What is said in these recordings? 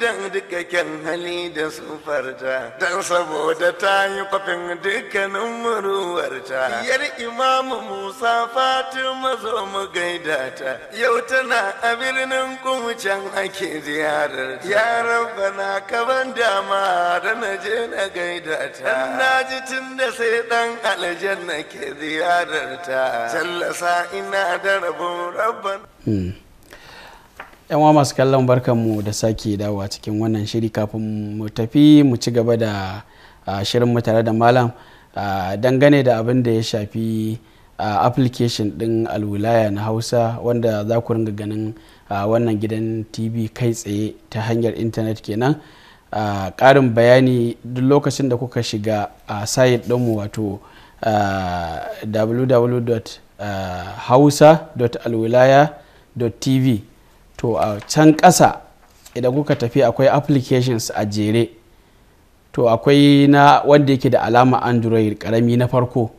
dan duka hali da sufarta Dan saboda ta yi kwafin dukkanin muruwarta yar imamu musa fatima zo mu gaida ta yau tana a birnin kumcan ake ziyarar ya rabba na kaban dama da na je na gaida ta na ji tun da sai dan na ke ziyarar ta sallasa ina da rabon rabban hmm. yanwa masu kallon barkanmu da sake dawowa cikin wannan shiri kafin mu tafi mu ci gaba da ah, shirinmu tare da malam ah, dangane da abin da ya shafi ah, application din alwilaya na hausa wanda za ku ringa ganin wannan gidan tv kai tsaye ta hanyar intanet kenan ƙarin bayani duk lokacin da kuka shiga a site ɗinmu wato www.hausa.alwilaya.tv to a can ƙasa idan kuka tafi akwai applications a jere to akwai na wanda yake da alama android karami na farko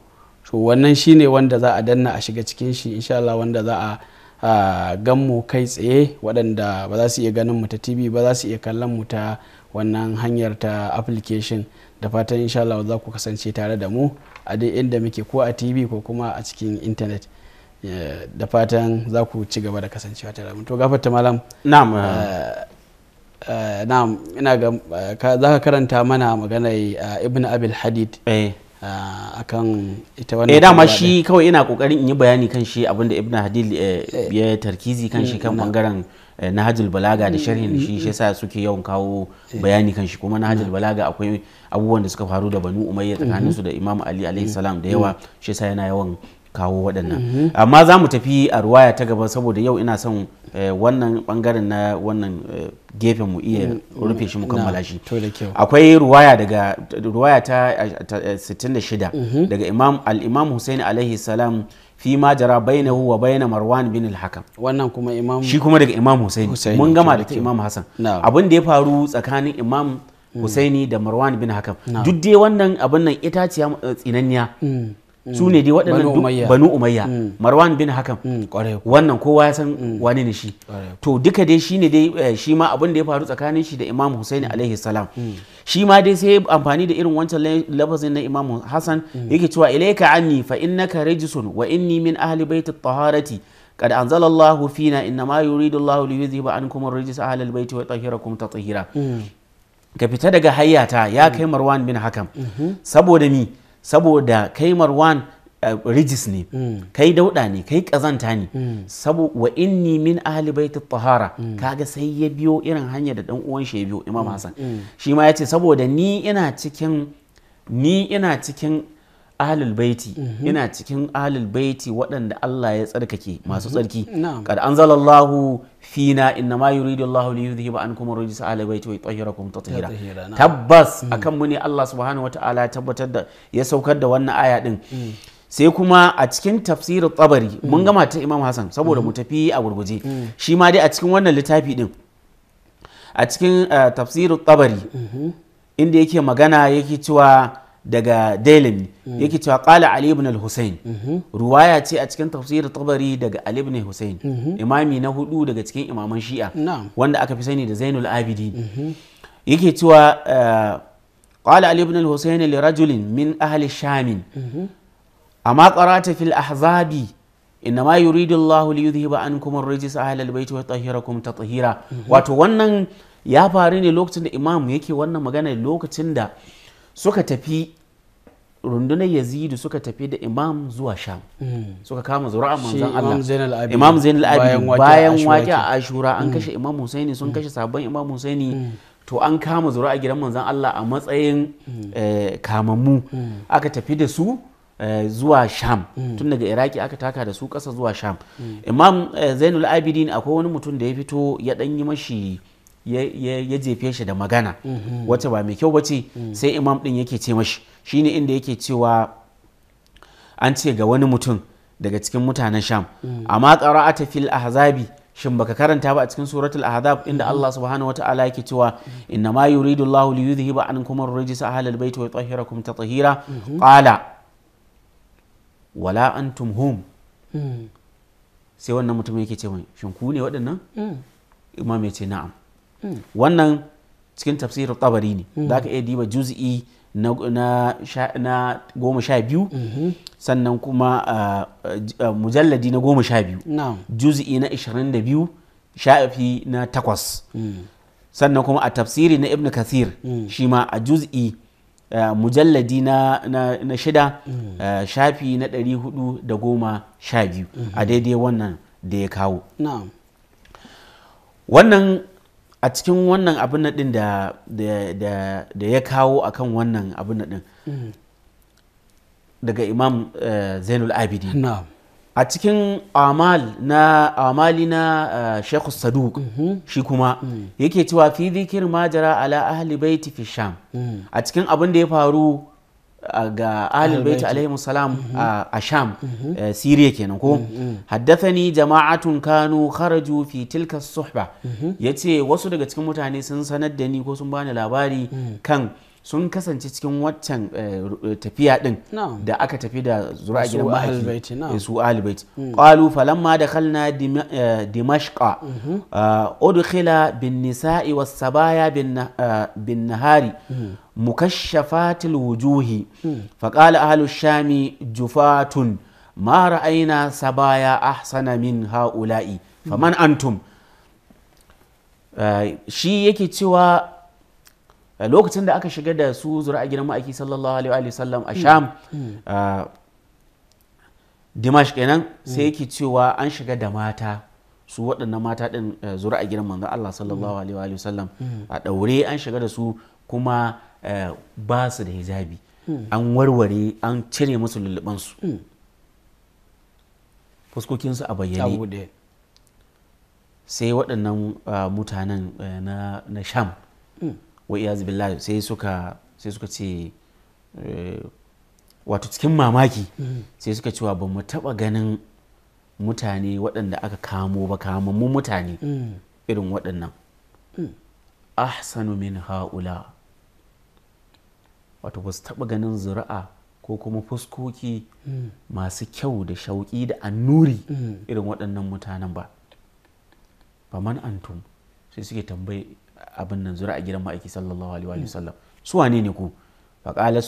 to wannan shine wanda za a danna a shiga cikin shi insha Allah wanda za a gan mu kai tsaye waɗanda ba za su iya ganin mu ta tv ba za su iya kallon mu ta wannan hanyar ta application da fatan insha Allah za ku kasance tare da mu a dai inda muke ko a tv ko kuma a cikin intanet. Eh, da fatan za ku ci gaba da kasancewa tare mu to gafarta malam na'am eh, eh, na'am ina ga za ka karanta mana maganar ibn abil hadid akan ita wannan eh dama shi kawai ina kokarin in yi bayani kan shi abinda ibn hadid ya tarkizi kan shi mm, kan bangaren nahajul balaga da mm, sharhin shi mm, shi yasa suke yawan kawo bayani kan shi kuma nahajul balaga akwai abubuwan da suka faru da banu umayya su mm-hmm. da imam ali alaihi mm-hmm. salam da yawa mm-hmm. shi yasa yana yawan kawo waɗannan mhm. amma za mu tafi a ruwaya ta gaba saboda yau ina son eh, wannan bangaren na wannan eh, gefen mu iya mm. rufe shi mu kammala shi akwai ruwaya daga ruwaya ta 66 eh, mhm. daga imam al-imam Hussein alaihi salam fi ma jara bainahu wa baina Marwan bin al-Hakam wannan kuma imam shi kuma daga imam Hussein mun gama da imam Hassan abin da ya faru tsakanin imam mm. hussaini da Marwan bin Hakam duk dai wannan abin nan itaciya tsinanniya mm. su ne dai waɗannan banu umayya mm. marwan bin hakan mm, wannan kowa ya san mm. wani ne shi to duka dai shine dai eh, shi ma abin da ya faru tsakanin shi da imam husaini alaihi salam shi ma dai sai amfani da irin wancan lafazin na imam Hassan. yake cewa ilaika anni fa innaka rijsun wa inni min ahli baiti taharati قد أنزل الله فينا إنما يريد الله ليذهب عنكم الرجس أهل البيت ويطهركم تطهيرا ka fita daga hayyata ya kai marwan bin hakan mm-hmm. saboda mi saboda kai marwan eh, rijis ne mm. kai dauda ne kai kazanta ne mm. sabo wa inni min ahli baiti tahara mm. kaga sai ya biyo irin hanya da dan uwan shi ya biyo imam hasan shi ma yace saboda ni ina cikin ni ina cikin ahlul baiti mhm. Ina cikin ahlul baiti waɗanda Allah ya tsarkake masu mhm. tsarki kad anzalallahu fina inna ma yuridu Allahu li yudhhiba ankum ar ahlul baiti wa yutahhirakum tatheera tabbas mhm. akan mu ne Allah subhanahu wataala ya tabbatar da ya saukar da wannan aya din mm. sai kuma a cikin tafsirin tsabari mm. mun gama ta Imam Hassan saboda mm. mu tafi a gurguje shi ma dai a cikin wannan littafi din a cikin eh, tafsirin tsabari mm-hmm. inda yake magana yake cewa daga dailami mm. yake cewa kala ali ibn al-husayn mm-hmm. ruwaya ce a cikin tafsir tabari daga ali ibn husayn mm-hmm. imami na hudu daga cikin imaman shi'a wanda aka fi sani da zainul abidin mm-hmm. yake cewa eh, qala ali ibn al-husayn li rajulin min ahli shamin. amma qara'ta fil ahzabi innama yuridu allah li yudhhiba ankum ar-rijsa ahli al-bayt wa tahhirakum tatheera wato wannan ya faru ne lokacin da imam yake wannan magana lokacin da suka tafi rundunar yazidu suka tafi da imam zuwa sham mm. suka kama zura'a manzan Allah imam zainal abidin bayan waki a ashura an mm. kashe imam husaini sun mm. kashe sabon imam husaini to an kama zura'a gidan manzan Allah a matsayin eh, kamammu aka tafi da su eh, zuwa sham tun daga iraki aka taka da su kasa zuwa sham imam eh, zainul abidin akwai wani mutum da ya fito ya ɗan yi mashi ya jefe shi da magana wata ba mai kyau ba ce sai imam din yake ce mashi shine inda yake cewa an ce ga wani mutum daga cikin mutanen sham amma qara'ata fil ahzabi shin baka karanta ba a cikin suratul ahzab inda Allah subhanahu wataala yake cewa inna ma yuridu Allahu li yudhhiba ankum ar-rijsa ahlal bayt wa yutahhirakum tatheera qala wala antum hum hmm. sai wannan mutum yake ce mai shin ku ne waɗannan hmm. imam ya ce na'am wannan cikin tafsirin tabari ne mm. za ka iya diba juzi'i na goma sha biyu mm-hmm. sannan kuma ah, ah, mujalladi na goma sha biyu Juzi'i na ishirin da biyu sha'afi na takwas mm. sannan kuma a tafsiri na ibn kathir mm. shi ma a juzi'i ah, mujalladi na shida shafi na ɗari hudu da goma sha biyu a mm-hmm. daidai wannan da ya kawo wannan a cikin wannan abin da ya kawo a kan wannan abin din mm. daga imam eh, zainul abidi a cikin amal na amali na eh, shekhu saduk mm-hmm. shi kuma mm. yake cewa fi zikir majara ala ahli baiti fi sham mm. a cikin abin da ya faru ga ahlul baiti alaihi salam mm-hmm. a sham mm-hmm. eh, siriya kenan ko mm-hmm. haddathani jama'atun kanu kharaju fi tilka suhba yace wasu daga cikin mutane sun sanar da ni ko sun bani labari kan sun kasance cikin waccan eh, tafiya din da aka tafi da zura gidan mahaifi eh, su alibait hmm. qalu falamma dakhalna eh, dimashqa mm-hmm. ah, udkhila bin nisa'i ah, was sabaya bin nahari hmm. mukashafatil wujuhi hmm. faqala ahlu shami jufatun ma ra'ayna sabaya ahsana min ha'ula'i faman antum shi yake cewa lokacin da aka shiga da su zura a gidan ma'aiki sallallahu alaihi wa sallam a sham hmm. uh, dimash kenan sai yake cewa an shiga da mata su waɗannan mata ɗin uh, zura a gidan manzon Allah sallallahu hmm. alaihi wa sallam hmm. a ɗaure an shiga da su kuma uh, ba su da hijabi an warware an cire musu lullubansu fuskokinsu a bayyane sai waɗannan mutanen na sham wa iyaz sai suka sai suka ce eh, wato cikin mamaki sai suka cewa ba mu taba ganin mutane waɗanda aka kamo ba kamammun mutane irin waɗannan ahsanu min ha'ula wato ba su taɓa ganin zura'a ko kuma fuskoki masu kyau da shauƙi da annuri irin waɗannan mutanen ba Ba man antum sai suke tambaye abin nan zura a gidan ma'aiki sallallahu alaihi wa sallam su wane ne ku faƙalar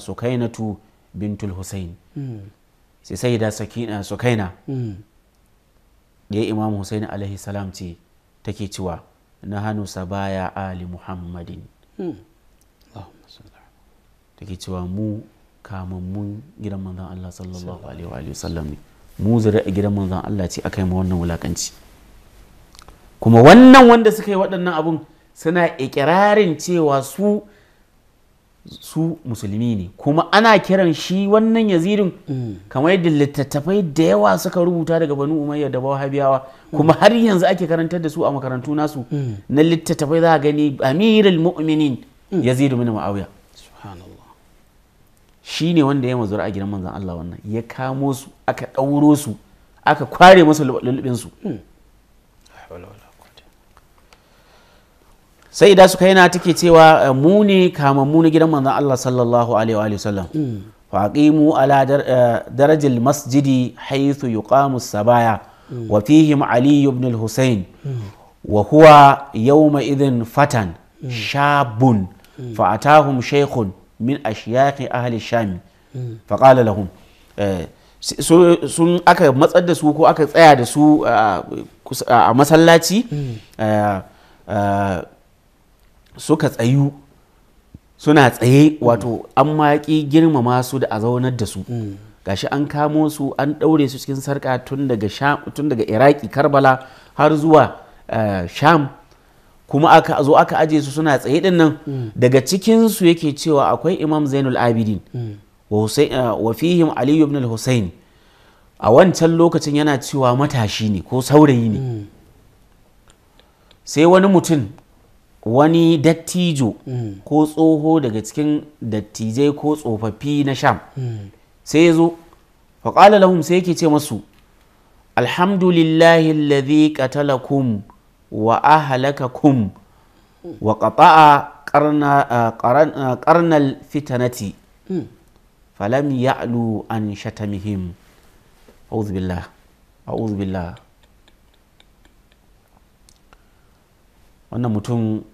sukainatu eh, bintul husain hmm. sai sai eh, hmm. da sukaina ya imamu husain alaihi salam ce take cewa na hanu sabaya ali muhammadin hmm. take cewa mu kamammun gidan manzon allah sallallahu alaihi wa sallam ne mu zura a gidan manzon allah ce aka yi wannan wulakanci kuma wannan wanda suka yi waɗannan abun suna ikirarin cewa su su musulmi ne kuma ana kiran shi wannan yazidin mm. kamar yadda littattafai da yawa suka rubuta daga banu umayya da wahabiyawa mm. kuma har yanzu ake karantar da su a makarantu nasu mm. na littattafai za a gani amirul mu'minin yazidu bin muawiya shi ne wanda ya mazura a gidan manzon Allah wannan ya kamo su aka ɗauro su aka kware masu lulluɓin sai da suka yana take cewa eh, mu ne kama mu gidan manzon Allah sallallahu alaihi wa sallam mm. fa aqimu ala eh, darajil masjidi haythu yuqamu sabaya mm. wa fihim ali ibn al-husayn mm. wa huwa yawma idhin fatan shabun fa atahum shaykhun min ashyaqi ahli sham fa qala lahum eh, sun aka matsar da su ko aka tsaya da su a masallaci suka tsayu suna tsaye wato an maƙi girmama su da a zaunar da su gashi an kamo su an ɗaure su cikin sarƙa tun daga iraki karbala har zuwa eh, sham kuma aka zo aka aje su suna tsaye din nan daga cikinsu yake cewa akwai imam zainul abidin wa eh, fihim aliyu ibn al-husayn a wancan lokacin yana cewa matashi ne ko saurayi ne sai wani mutum wani dattijo mm. ko tsoho daga cikin dattijai ko tsofaffi na sham mm. sai ya zo faƙala lahum sai yake ce masu alhamdulillahi alladhi qatalakum wa ahlakakum wa qata'a qarnal fitanati mm. falam ya'lu an shatamihim a'udhu billah a'udhu billah wannan mutum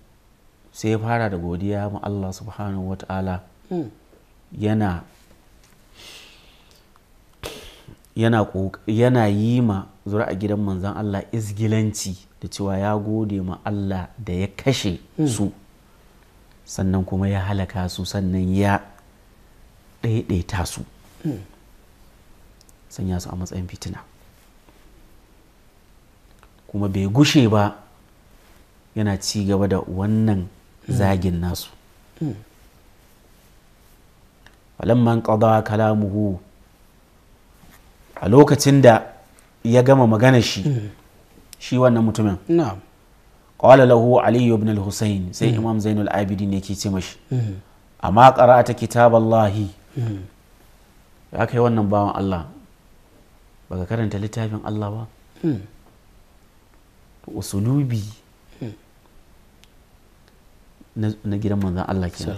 sai ya fara da godiya ma Allah subhanahu wata'ala hmm. yana yana yi ma zura a gidan manzan Allah izgilanci da cewa ya gode ma Allah da ya kashe hmm. su sannan kuma ya halaka su sannan ya ɗaiɗaita su hmm. sanya su a matsayin fitina kuma bai gushe ba yana ci gaba da wannan zagin mm. nasu mm. falamman qada kalamuhu a lokacin da ya gama magana shi mm. shi wannan mutumin qala lahu ali ibn al-husayn sai imam zainul abidin yake ce mashi amma qara'ata kitaballahi ya kai wannan bawan Allah baka karanta littafin Allah ba usulubi na gidan manzon Allah kenan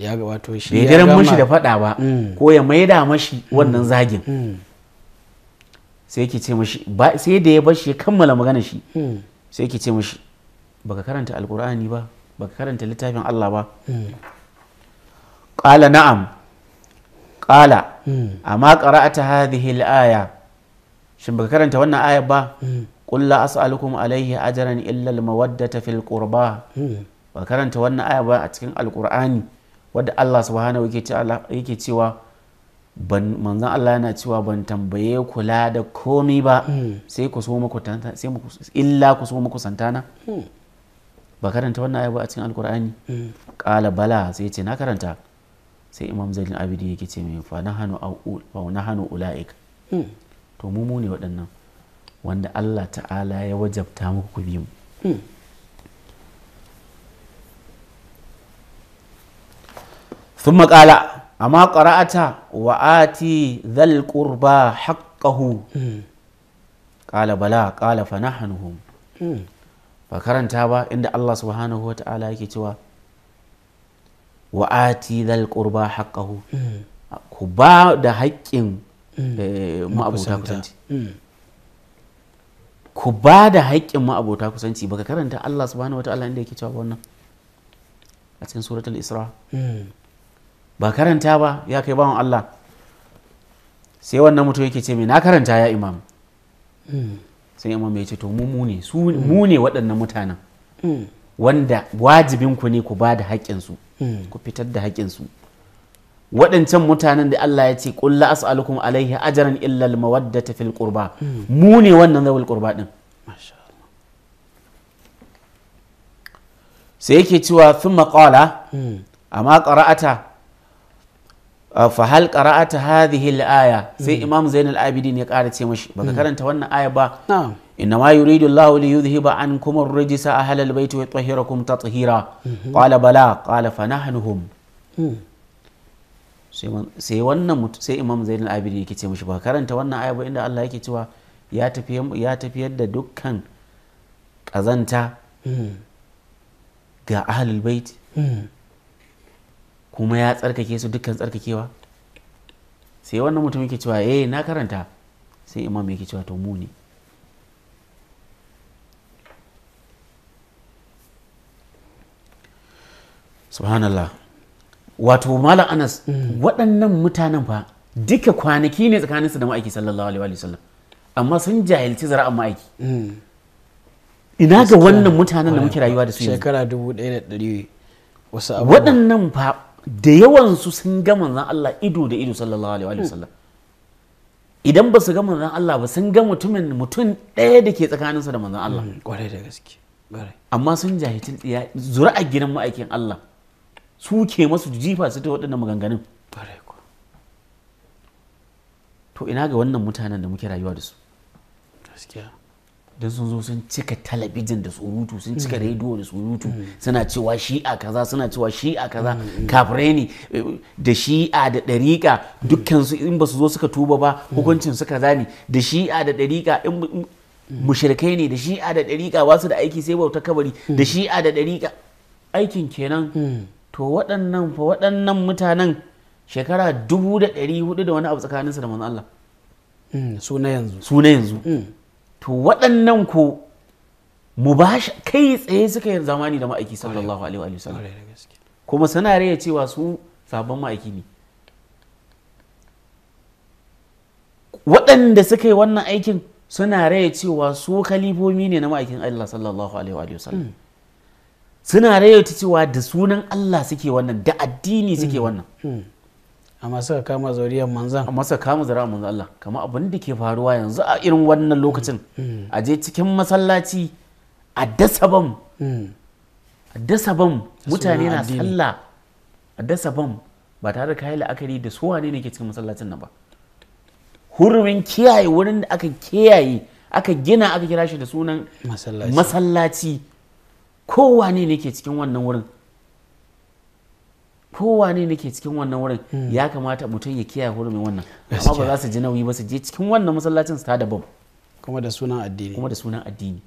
ya ga wato shi ya jiran mushi da fada ba mm. ko ya maida mashi mm. wannan zagin mm. sai ke ce mashi sai da ya bar shi ya kammala magana shi sai ke ce mashi baka karanta alkur'ani ba baka karanta littafin Allah ba qala na'am qala amma qara'ata hadhihi al-aya shin baka karanta wannan ayar ba qul la as'alukum alayhi ajran illa al-mawaddata fil qurba ba karanta wannan aya ba a cikin alkur'ani wadda Allah subhanahu yake cewa ban manzan Allah yana cewa ban tambaye kula da komi ba hmm. sai ku so muku sai illa ku so muku santana hmm. ba karanta wannan aya ba a cikin alkur'ani hmm. qala bala sai ce na karanta sai imam zalin abidi yake ce mai fa nahanu wa ulaik to mu mu ne waɗannan wanda Allah ta'ala ya wajabta muku ku bi sun makala amma ƙara'ata wa'ati ati zal qurba haqqahu ƙala hmm. bala ƙala fanahanhu hmm. ba karanta ba inda Allah subhanahu wa ta'ala yake cewa wa zal qurba haqqahu hmm. eh, ku ba da haƙƙin ma'abota kusanci ku ba da haƙƙin ma'abota kusanci baka karanta Allah subhanahu wa ta'ala inda yake cewa wannan a cikin suratul isra ba karanta ba ya kai bawan Allah sai wannan mutum yake ce mai na karanta ya imam sai imam ya ce to mu ne mu ne waɗannan mutanen wanda wajibinku ne ku ba da haƙƙinsu ku fitar da haƙƙinsu waɗancan mutanen da Allah ya ce ƙulla as'alukum alaihi ajaran illal mawaddata fil qurba mu ne wannan zawul qurba din sai yake cewa thumma qala hmm. amma qara'ata Ah, fa hal qara'ata hadhihi al-aya sai mm. imam zain al-abidin ya ƙara ce mashi baka mm. karanta wannan aya ba inna ma yuridu Allah li yudhhiba ankum ar-rijsa ahla al-bayt wa yutahhirakum tathira mm-hmm. qala bala qala fa nahnuhum mm. sai wannan sai imam zain al-abidin yake ce mashi baka karanta wannan aya ba inda Allah yake cewa ya tafiyar da dukkan kazanta ga ahlul bait kuma ya tsarkake su dukkan tsarkakewa sai wannan mutum yake cewa eh na karanta sai imam yake cewa to mu ne subhanallah wato malam anas mm. waɗannan mutanen fa duka kwanaki ne tsakaninsu da ma'aiki sallallahu alaihi wa sallam amma sun jahilci zara'an ma'aiki mm. ina ga wannan mutanen da muke rayuwa da su yanzu shekara dubu ɗaya da ɗari wasu abubuwa waɗannan fa da yawan su sun ga manzon Allah ido da ido sallallahu alaihi wa sallam idan ba su ga manzon Allah ba sun ga mutumin mutum ɗaya da ke tsakanin da manzon Allah kwarai mm, da gaske amma sun jahilcin ya zura a gidan ma'aikin Allah su ke masu jifa su ta waɗannan maganganun to ina ga wannan mutanen da muke rayuwa da su gaskiya da sun zo sun cika talabijin da surutu sun cika mm. rediyo da surutu mm. suna cewa shi'a kaza suna cewa shi'a kaza mm, kafirai ne eh, da shi'a da ɗariƙa dukkan su in ba su zo suka tuba ba hukuncin su kaza ne da shi'a da ɗariƙa in mushrikai ne da shi'a da ɗariƙa ba su da aiki sai bauta kabari da shi'a da ɗariƙa aikin kenan to waɗannan fa waɗannan mutanen shekara dubu da ɗari hudu da wani abu tsakaninsu da manzo Allah yanzu su na yanzu to waɗannan ko mu ba shi kai tsaye suka yi zamani da ma'aiki sallallahu alaihi wa sallam kuma suna raya cewa su sabon ma'aiki ne waɗanda suka yi wannan aikin suna raya cewa su kalifomi ne na ma'aikin Allah sallallahu alaihi wa sallam hmm. suna raya cewa da sunan Allah suke wannan da addini suke hmm. wannan hmm. amma suka kama zuriyar manzan amma suka kama zuriyar manzan Allah kamar abin da ke faruwa yanzu a irin wannan lokacin hmm. a je cikin masallaci a dasa bam hmm. a dasa bam mutane na sallah a dasa bam ba tare da kayi la'akari da su wane ne ke cikin masallacin nan ba hurumin kiyaye wurin da aka kiyaye aka gina aka kira shi da sunan masallaci kowane ne ke cikin wannan wurin kowane ne ke cikin wannan wurin hmm. ya kamata mutum ya kiyaye hurumin wannan amma ba za su ji nauyi ba su je cikin wannan masallacin su ta bam kuma da sunan addini kuma da sunan addini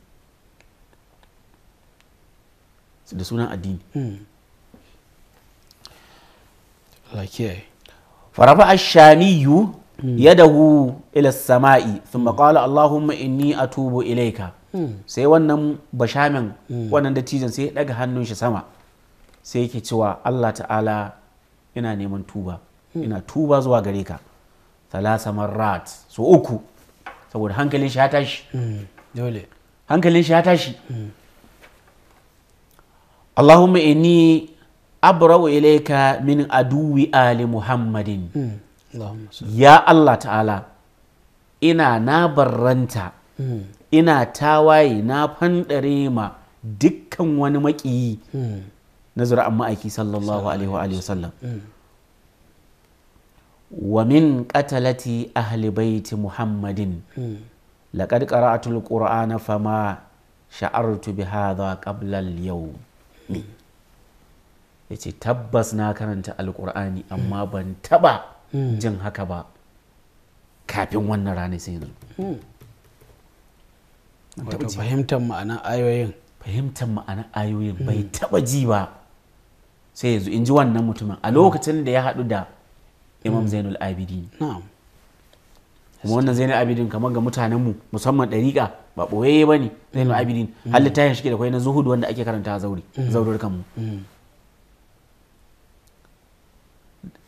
da sunan addini hmm. farafa ashamiyu. Hmm. yadahu ila sama'i thumma qala allahumma inni atubu ilaika sai wannan bashamin wannan dattijan sai ya daga hannun shi sama sai yake cewa Allah ta'ala ina neman tuba ina tuba zuwa gare ka talasa marrat so uku saboda hankalin shi ya tashi hmm, dole hankalin shi ya tashi hmm. Allahumma inni abra'u ilayka min aduwi ali Muhammadin hmm, ya Allah ta'ala ina na barranta ina tawaye na fandare ma dukkan wani maƙiyi na zura'an ma'aiki sallallahu alaihi wa sallam mm. wa min qatalati ahli baiti muhammadin mm. laqad qara'atu alqur'ana fama sha'artu bi hadha qabla al mm. Ya ce tabbas na karanta alqur'ani amma ban taɓa jin haka ba kafin wannan rana sai yanzu fahimtar ma'ana ayoyin fahimtar ma'ana ayoyin bai taɓa ji ba sai yanzu in ji wannan mutumin a lokacin da ya haɗu da imam hmm. zainul abidin kuma wannan zainul abidin kamar ga mutanenmu musamman ɗariƙa ba ɓoye-ɓoye ba ne zainul hmm. abidin hmm. halitta ya shi da kwai na zuhudu wanda ake karanta a zauri mu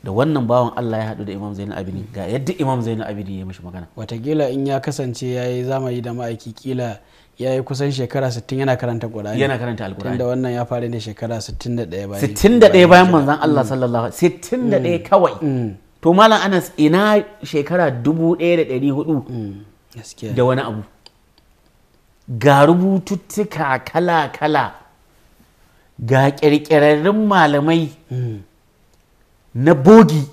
da wannan bawan Allah ya haɗu da Imam Zainul Abidin ga yadda Imam Zainul Abidin ya mishi magana watakila in ya kasance ya yi zamani da ma'aiki kila ya yi kusan shekara 60 yana karanta Qur'ani yana karanta Al-Qur'ani tunda wannan ya fara ne shekara 61 bayan 61 bayan manzon Allah mm. sallallahu alaihi 61 mm. kawai mm. to malam Anas ina shekara 1400 da wani abu ga rubututtuka kala-kala ga ƙirƙirarrun malamai na bogi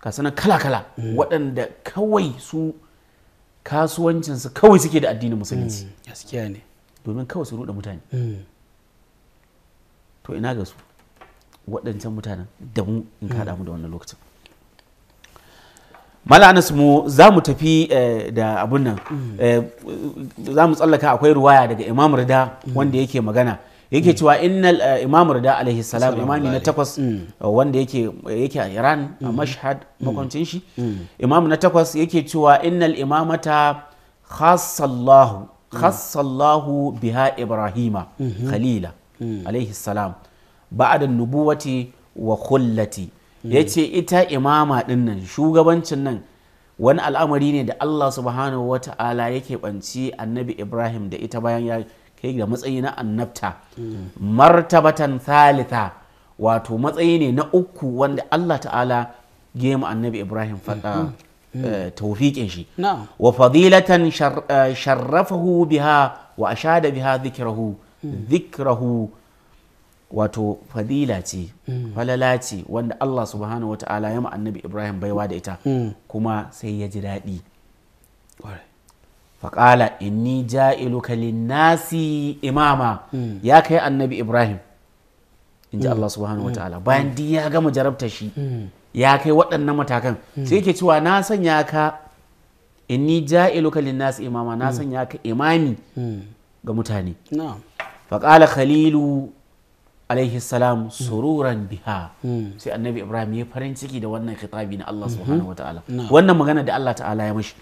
ka sanar kala-kala waɗanda kawai su kasuwancinsu kawai suke da addinin musulunci mm, gaskiya ne domin kawai su ruɗa mutane mm. to ina ga su waɗancan mutanen da mu in kaɗa mm. mu da wannan lokacin mala mu za mu tafi eh, da abun nan eh, za mu tsallaka akwai ruwaya daga imam rida wanda yake magana yake mm. cewa innal eh, imamu rida alaihi salam imami na takwas mm. eh, wanda yake yake a iran a mm. mashhad makwancin shi imam na takwas yake cewa innal imamata khassallahu khassallahu biha ibrahima mm-hmm. khalila alaihi salam ba'da nubuwati wa khullati yace ita imama din nan shugabancin nan wani al'amari ne da Allah subhanahu wa yake banci annabi Ibrahim da ita bayan ya kai da matsayi na annabta martabatan thalitha wato matsayi ne na uku wanda Allah ta'ala gema annabi Ibrahim faɗa mm-hmm. mm-hmm. eh, taufiƙin shi wa fadilatan eh, sharrafahu biha wa ashada biha zikrahu zikrahu mm. wato fadila ce mm. falala ce wanda Allah subhanahu wa ta'ala ya annabi Ibrahim baiwa da ita mm. kuma sai ya ji daɗi faƙala inni ja'iluka linnasi imama hmm. ya kai annabi ibrahim in ji hmm. allah subhanahu wa hmm. ta'ala bayan di ya gama jarabta shi ya kai waɗannan matakan sai ke cewa na sanya ka inni ja'iluka linnasi imama na sanya ka imami ga mutane faƙala khalilu alaihi salam sururan biha sai annabi ibrahim ya farin ciki da wannan khitabi na allah mhm. subhanahu wa ta'ala wannan magana da allah ta'ala ya mashi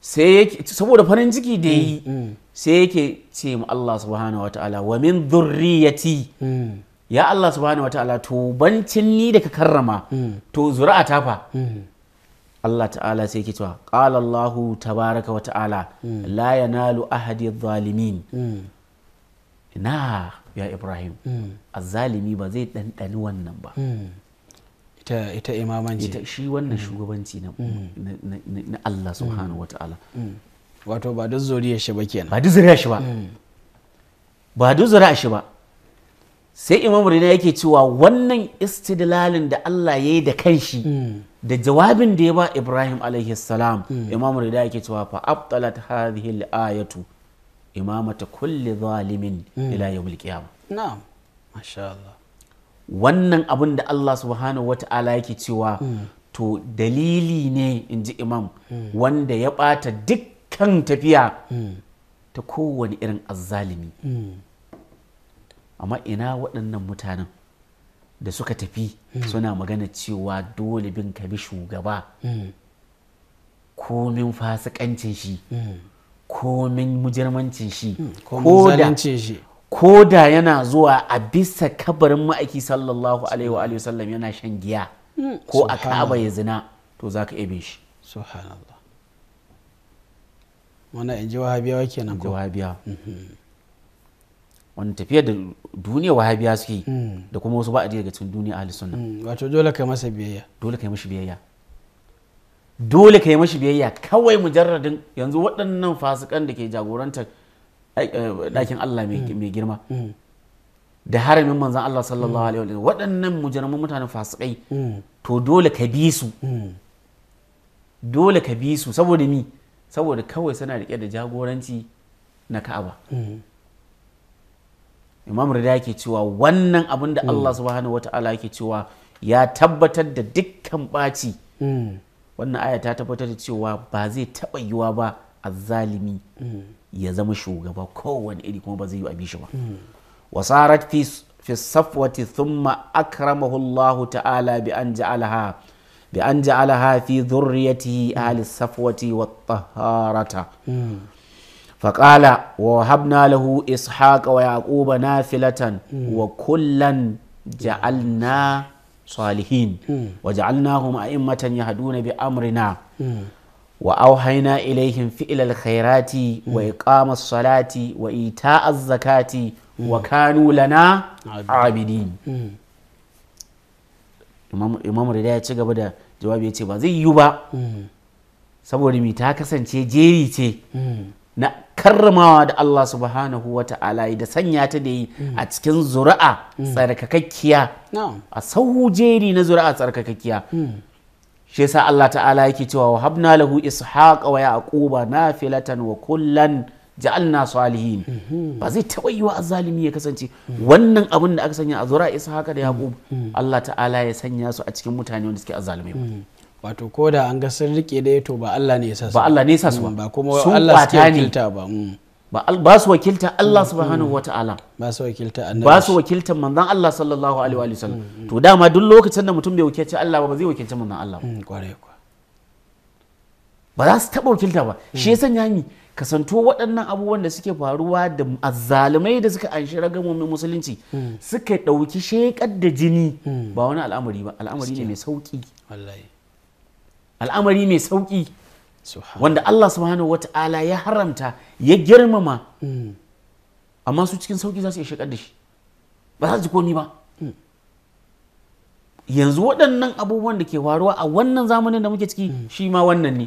sai saboda farin ciki da yi mm, mm. sai yake ce mu Allah subhanahu wataala wa min dhurriyati mm. ya Allah subhanahu wataala to bancin ni da ka karrama to zuri'a ta fa Allah ta'ala sai yake cewa qala Allah tabaraka wataala la yanalu ahadi adh-dhalimin na ya Ibrahim azzalimi ba zai dandani wannan ba ita ita imamanci ita shi wannan mm. shugabanci mm. na na Allah mm. subhanahu wataala wato ba duk zuriya shi ba kenan ba duk zuriya shi ba ba duk zuriya shi ba sai imamu rina yake cewa wannan istidlalin da Allah ya yi da kanshi da jawabin da ya ba Ibrahim alaihi salam imamu rina yake cewa fa abtalat hadhihi al-ayatu imamata kulli zalimin ila yawmil qiyamah na'am masha Allah wannan abin da Allah subhanahu wa ta'ala yake cewa mm. to dalili ne in ji imam mm. wanda ya ɓata dukkan tafiya mm. ta kowane irin azzalimi amma ina waɗannan mutanen da suka tafi suna magana cewa dole bin ka bi shugaba komin fasikancin shi komin mujirmancin shi ko shi. ko da yana zuwa a bisa kabarin ma'aiki sallallahu alaihi wa sallam yana shan giya ko a kaba ya zina to za ka ebe shi subhanallah wannan in ji wahabiyawa kenan ko wahabiyawa mm-hmm. wani tafiya da duniya wahabiya suke mm. da kuma wasu a daga cikin duniya ahli sunna mm. wato dole kai masa biyayya dole kai mashi biyayya dole kai mashi biyayya kawai mujarradin yanzu waɗannan fasikan da ke jagorantar Eh, ɗakin Allah mai mm. girma mm. da haramin manzan Allah sallallahu mm. alaihi wasallam waɗannan mujarmu mutanen fasikai to dole ka bi su dole ka bi su saboda mi saboda kawai suna riƙe da jagoranci na Ka'aba Imam Rida yake cewa wannan abin da Allah subhanahu wata'ala yake cewa ya tabbatar da dukkan ɓaci wannan aya ta tabbatar da cewa ba zai taɓa yiwa ba azzalimi ya zama shugaba kowane iri kuma ba zai yi abi shi ba wasarat fi safwati thumma akramahu Allah ta'ala bi an ja'alaha bi an ja'alaha fi dhurriyyatihi ahli safwati wat taharata فقال ووهبنا له إسحاق ويعقوب نافلة وكلا جعلنا صالحين وجعلناهم أئمة يهدون بأمرنا wa auhaina ilaihin fi'ilal khairati wa hmm. iqamas salati wa ita'az zakati wa hmm. kanu lana abidin hmm. imam rida ya ci gaba da jawabi ya ce ba zai yiwu ba saboda mai ta kasance jeri ce na karramawa da Allah subhanahu wa ta'ala da sanya ta da yi a cikin zuri'a tsarkakakkiya a sau jeri na zuri'a tsarkakakkiya shi yasa Allah ta'ala yake cewa wa habna lahu ishaqa wa yaquba nafilatan wa kullan ja'alna salihin ba zai taɓa yiwa azzalimi ya kasance wannan abin da aka sanya a zura ishaqa da yaqub Allah ta'ala ya sanya su a cikin mutane wanda suke azalimi. wato ko da an ga sun rike da to ba Allah ne ya sa su ba Allah ne ya sa su ba mm, kuma Allah ya kilta ba mm. ba su wakilta Allah subhanahu wata'ala ba su wakilta manzan ba su wakilta manzon Allah sallallahu alaihi wa sallam to dama duk lokacin da mutum bai wakilci Allah ba zai wakilci manzan Allah mm, ba za su taba wakilta ba shi yasa yami kasanto waɗannan abubuwan da suke faruwa da azzalumai da suka anshi ragamomin musulunci mm. suka ɗauki shekar da jini mm. ba wani al'amari ba al'amari ne mai sauƙi. al'amari mai sauki wanda Allah subhanahu ta'ala ya haramta ya girmama mm. amma su cikin sauki za su iya shakar da shi ba za su ji ko ba mm. yanzu waɗannan abubuwan da ke waruwa a wannan zamanin da muke ciki mm. shi ma wannan ne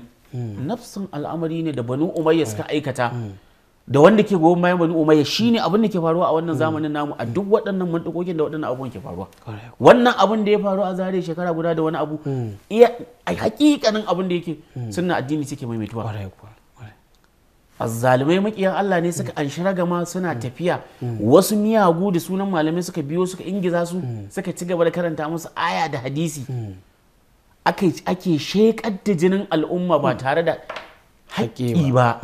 nafsin al'amari ne da banu umayya suka aikata da wanda ke goma bayan bani umayya shine abin da ke faruwa a wannan hmm. zamanin namu a duk waɗannan mantukokin da waɗannan abubuwan ke faruwa wannan abin da ya faru a zare shekara guda da wani abu hmm. iya hakikanin abin da yake hmm. sunna addini suke maimaituwa azzalumai makiyan Allah ne suka anshi ragama suna tafiya wasu miyagu da sunan malamai suka biyo suka ingiza su suka ci gaba da karanta musu aya da hadisi ake shekar da jinin al'umma ba tare da haƙƙi ba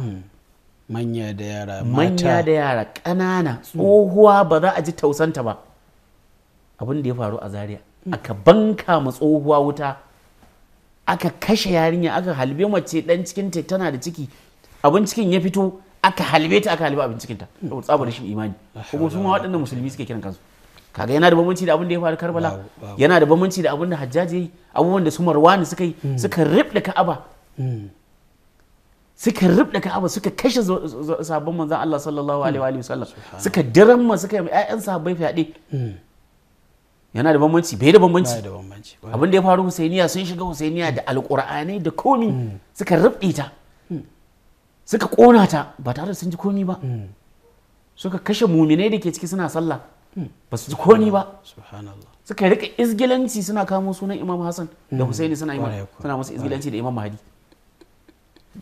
manya da yara manya da yara ƙanana tsohuwa ba za a ji tausanta ba abin da ya faru a zaria hmm. aka banka ma tsohuwa wuta aka kashe yarinya aka halbe mace dan cikin ta tana da ciki abin cikin ya fito aka halbe ta aka halbe abin cikin ta hmm. saboda tsabar rashin imani kuma su ma waɗannan musulmi suke kiran kansu kaga yana da bambanci da abin da ya faru Karbala yana da bambanci da abin da Hajjaji abubuwan da su Marwani suka yi hmm. suka da Ka'aba suka rubda ka'aba suka kashe sabon manzan Allah sallallahu alaihi wa sallam suka diramma suka yi ƴaƴan sahabbai fyaɗe hmm. yana da bambanci bai da bambanci abin da ya faru husainiya sun shiga husainiya da alqur'ani da komi hmm. suka rubɗe ta hmm. suka kona ta ba tare da sun ji komi ba suka kashe muminai da ke ciki suna sallah ba su ji komi ba suka rika izgilanci suna kamo sunan imam hassan da husaini suna suna musu izgilanci da imam mahadi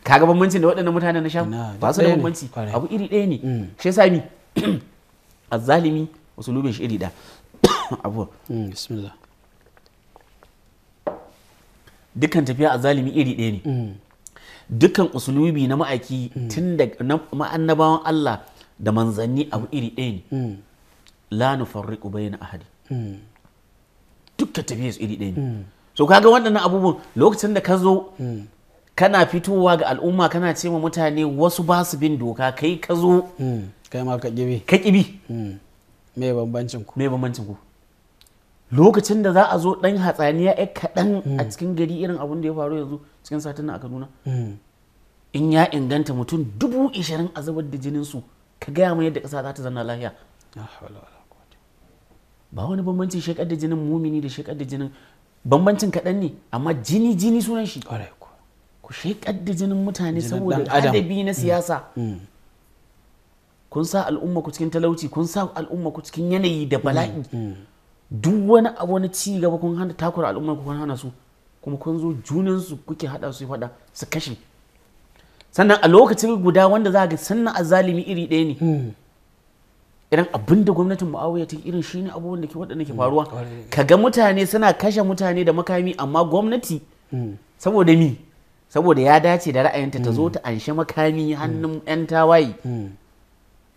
kaga bambancin da waɗannan mutanen na sha? ba su da bambanci abu iri ɗaya ne mm. shi yasa mi azzalimi lubin shi iri ɗaya abu mm, bismillah dukkan tafiya azzalimi iri ɗaya ne mm. dukkan usulubi na ma'aiki tun da ma'annabawan Allah da manzanni abu iri ɗaya ne la nufarriqu bayna ahadi dukkan tafiya su iri ɗaya ne so kaga waɗannan abubuwan lokacin da ka zo kana fitowa ga al'umma kana ce ma mutane wasu ba su bin doka kai ka zo hmm, kai ma ka kibi ka kibi hmm, me bambancin ku me bambancin ku lokacin da za a zo dan hatsaniya ya kaɗan a hmm. cikin gari irin abun da ya faru yanzu cikin satin a kaduna in ya inganta mutum dubu ishirin a zubar da jinin su ka gaya mai yadda ƙasa za ta zanna lafiya ba wani bambancin shekar da jinin mumini da shekar da jinin bambancin kaɗan ne amma jini jini sunan shi ku sheƙar da jinin mutane saboda adabi na mm. siyasa mm. kun sa al'umma ku cikin talauci kun sa al'umma ku cikin yanayi da mm. bala'i duk wani abu wani ci gaba kun hana takura al'umma ku kun hana su kuma kun zo junan su kuke hada su fada su kashe sannan a lokacin guda wanda za ga sannan azalimi iri ɗaya ne irin abin da gwamnatin muawiya ta irin shi ne abubuwan da ke waɗanda ke faruwa kaga mutane suna kashe mutane da makami amma gwamnati saboda mi saboda ya dace da ra'ayinta ta zo hmm. ta anshe makami hmm. hannun 'yan tawaye hmm.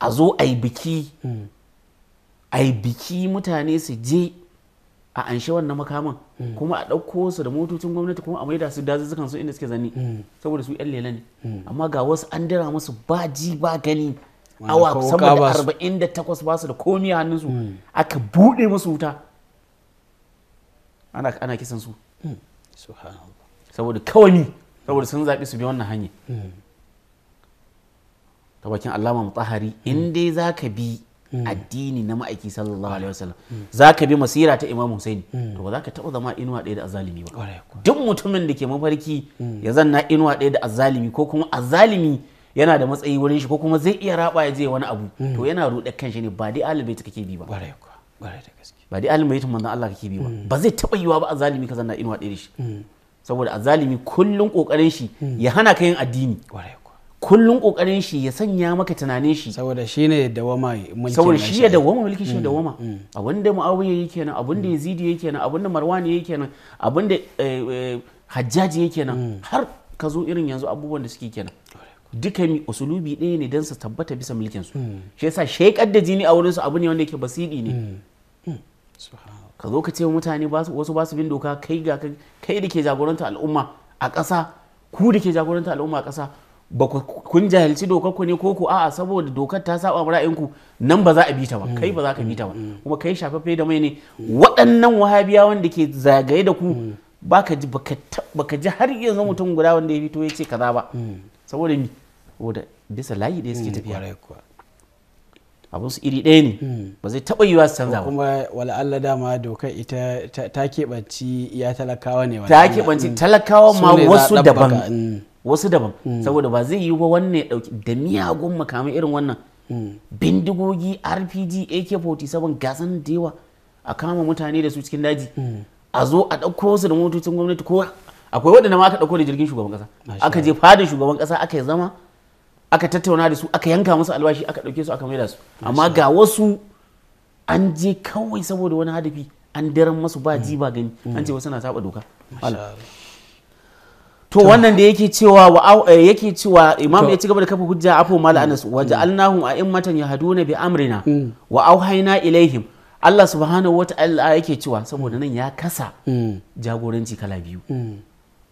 a zo a yi biki a yi biki mutane su je a anshe wannan makaman kuma a ɗauko su da motocin gwamnati kuma a maida su dazuzzukan su inda suke zanni saboda su 'yan lela ne amma ga wasu an dira musu ba ji ba gani awa sama da arba'in da takwas ba su da komi a hannunsu aka buɗe musu wuta ana kisan su saboda kawani. saboda sun zaɓi su bi wannan hanya ta bakin allama mutahari in dai za ka bi addini na ma'aiki sallallahu alaihi wasallam za ka bi masira ta imam husaini to ba za ka taɓa zama inuwa ɗaya da azalimi ba duk mutumin da ke mafarki ya zanna inuwa ɗaya da azalimi ko kuma azalimi yana da matsayi wurin shi ko kuma zai iya raba ya je wani abu to yana ruɗe kan shi ne ba dai alibai ta kake bi ba ba dai alibai ta manzan Allah kake bi ba ba zai taɓa yiwa ba azalimi ka zanna inuwa ɗaya da shi saboda azalimi kullun kokarin shi hmm. ya hana ka yin addini kullun kokarin shi ya sanya maka tunanin shi saboda shi ne dawama mulki saboda shi ya dawama mulki shi dawama hmm, hmm. abinda muawiya yake nan abinda yazidi yake nan abinda marwani yake nan abinda eh, eh, hajjaji yake nan har ka zo irin yanzu abubuwan da suke kenan duka mi usulubi ɗaya ne don su tabbata bisa mulkin su shi yasa shekar da jini a wurin su abu ne wanda yake basidi ne ka zo ka ce wa mutane wasu ba su bin doka kai ga kai da ke jagoranta al'umma a ƙasa ku da ke jagoranta al'umma a ƙasa ba kun jahilci dokar ku ne ko ku a'a saboda dokar ta saba ra'ayin ku nan ba za a bi ta ba mm, kai ba za ka bi ta ba mm, mm. kuma kai shafaffe da mai ne waɗannan wahabiya wanda ke zagaye da ku baka ji baka ji har yanzu mutum guda wanda ya fito ya ce kaza ba saboda ni saboda bisa layi da suke tafiya abun su iri ɗaya ne hmm. ba zai taɓa yiwa su canza ba kuma wala Allah dama doka ita ta keɓanci ya talakawa ne ta keɓanci hmm. talakawa ma hmm. wasu daban wasu daban saboda ba zai yi ba wannan ya ɗauki da miyagun makamai irin wannan bindigogi rpg ak-47 gasan da yawa a kama mutane da su cikin daji a zo a ɗauko su da motocin gwamnati ko akwai waɗanda ma aka ɗauko da jirgin shugaban ƙasa aka je fadin shugaban ƙasa aka yi zama aka tattauna da su aka yanka masu albashi aka ɗauke su aka maida su amma ga wasu an je kawai saboda wani hadafi an daren masu ba ji ba gani mm. an ce wasu na saba doka to wannan da yake cewa wa eh, yake cewa imam ya ci gaba da kafa hujja afo mala mm. anas wa ja'alnahum mm. a'immatan yahduna bi amrina wa auhayna ilaihim Allah subhanahu wa ta'ala yake cewa saboda nan ya kasa jagoranci kala biyu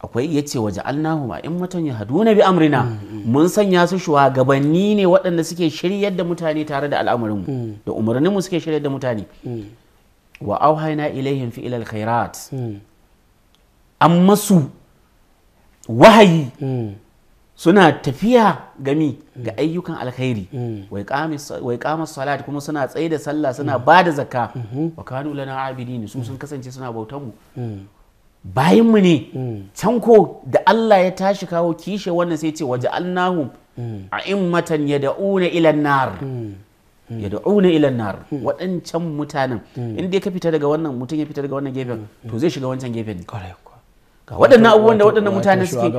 akwai ya ce waje allahu a in matan ya hadu na bi amrina mun sanya su shugabanni ne waɗanda suke shiryar da mutane tare da al'amarinmu da umarninmu suke shiryar da mutane wa auhaina ilaihim fi ilal khairat an masu wahayi suna tafiya gami ga ayyukan alkhairi wai kamar salat kuma suna tsaye da sallah suna ba da zakka wa kanu lana abidin su sun kasance suna bautan mu bayinmu ne mm. can ko da Allah ya tashi kawo kishe wannan sai ce waje alnahu mm. a matan ya da'una ilan nar mm. ya da'una ilan nar waɗancan mutanen inda ya ka fita daga wannan mutum ya fita daga wannan gefen to zai shiga wancan gefen waɗannan abubuwan da waɗannan mutane suke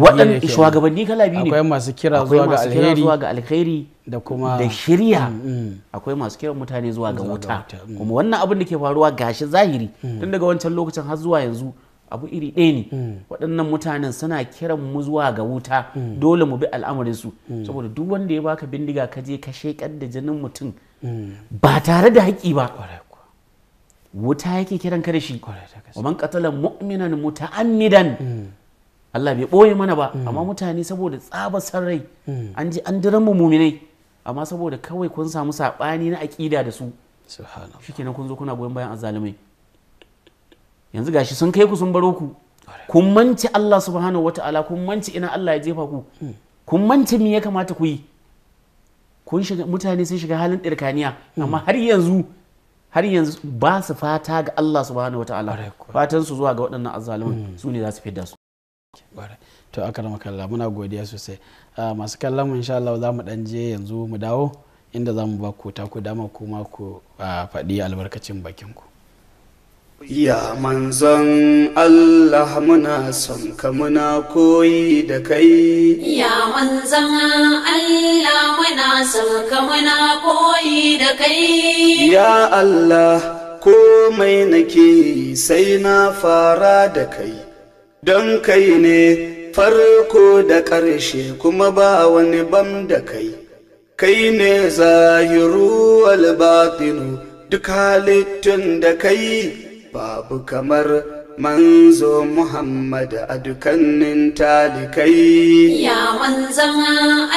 waɗannan shugabanni kala biyu ne akwai masu kira zuwa ga alheri da kuma da shirya mm, mm. akwai masu kiran mutane zuwa ga wuta mm. kuma wannan abin da ke faruwa gashi zahiri tun daga wancan lokacin har zuwa yanzu abu iri ɗaya ne waɗannan mutanen suna kiran mu zuwa ga wuta dole mu bi al'amarin su saboda duk wanda ya baka bindiga ka je ka shekar da jinin mutum ba tare da haƙƙi ba wuta yake kiran ka da shi wa man qatala mu'minan muta'ammidan mm. Allah bai boye mana ba mm. amma mutane saboda tsaba san rai mm. an ji an diran mu muminai amma saboda kawai kun samu sabani na aƙida da su shikenan kun zo kuna goyon bayan azzalumai yanzu gashi sun kai ku sun baro ku kun manci Allah subhanahu wata'ala kun manci ina Allah ya jefa ku kun manci me ya kamata ku yi kun shiga mutane sun shiga halin dirkaniya amma har yanzu har yanzu ba su fata ga Allah subhanahu wataala fatan su zuwa ga waɗannan azzalumin hmm. su ne za su fidda su to aka rama kalla muna godiya sosai ah, masu kallon mu insha Allah za mu dan je yanzu mu dawo inda za mu ba ku ta ku dama kuma ku ah, faɗi albarkacin bakin ku Ya manzon Allah muna son ka muna koyi da kai. Ya manzon Allah muna son ka muna koyi da kai. Ya Allah komai nake sai na fara da kai, don kai ne farko da ƙarshe kuma ba wani bam da kai. Kai ne zahiru albatinu duk halittun da kai. babu kamar manzo Muhammad a dukannin talikai. Ya manzan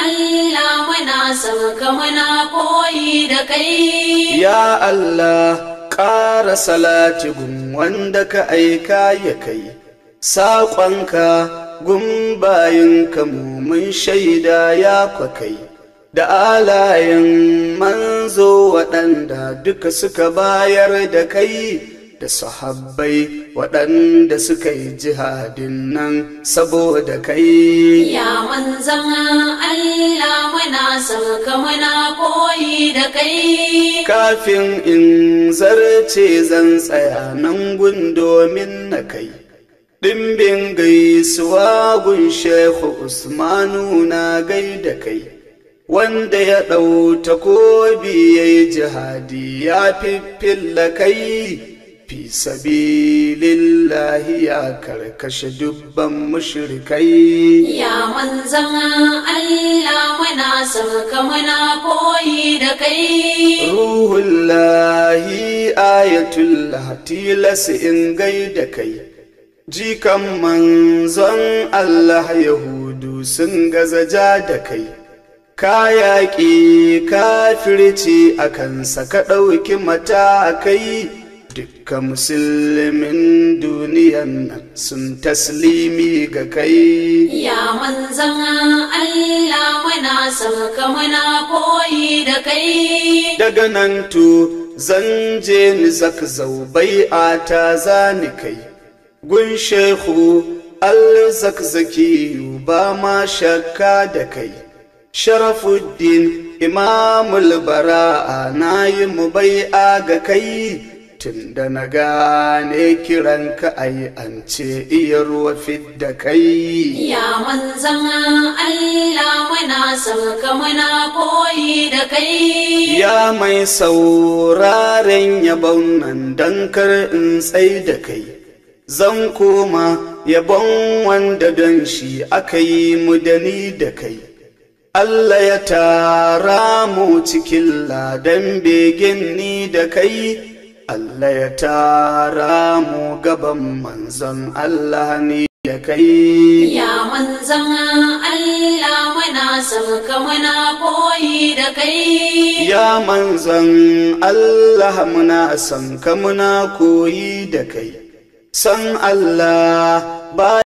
Allah muna sauka muna koyi da kai. Ya Allah ƙara salati gun wanda ka aika ya kai, saƙonka gun bayinka mumin shaida ya kwa kai. da alayen manzo waɗanda duka suka bayar da kai da sahabbai waɗanda suka yi jihadin nan saboda kai ya manzan Allah muna sauka muna koyi da kai kafin in zarce zan tsaya nan gundomin domin na kai ɗimbin gaisuwa gun shehu usmanu na gaida kai wanda ya ɗauta ko biye jihadi ya fiffilla kai fi lillahi ya karkashe dubban mushrikai ya manzan Allah muna sauka muna koyi da kai ruhullahi ayatul tilas in gaida kai jikan manzon Allah yahudu sun gaza ja da kai ka yaƙi kafirci a kansa ka ɗauki matakai dukka musulmin duniyan nan sun taslimi ga kai ya manzan Allah muna sauka muna koyi da kai daga nan to zan je ni zaka zaubai a ta ni kai gun shehu alzakzaki zakzaki ba ma shakka da kai sharafuddin imamul bara'a na yi mu bai'a ga kai tun da na gane kiranka yi an ce iya ruwa fit da kai ya manzan Allah muna sauka muna koyi da kai ya mai sauraren yabon nan dan kar in tsai da kai zan koma yabon wanda don shi aka yi mu da ni da kai Allah ya tara mu cikin ladan begin ni da kai Allah ya tara mu gaban manzan Allah ne da kai. Ya manzan Allah muna sauka muna koyi da kai. Ya manzan Allah muna sanka muna koyi da kai. San Allah ba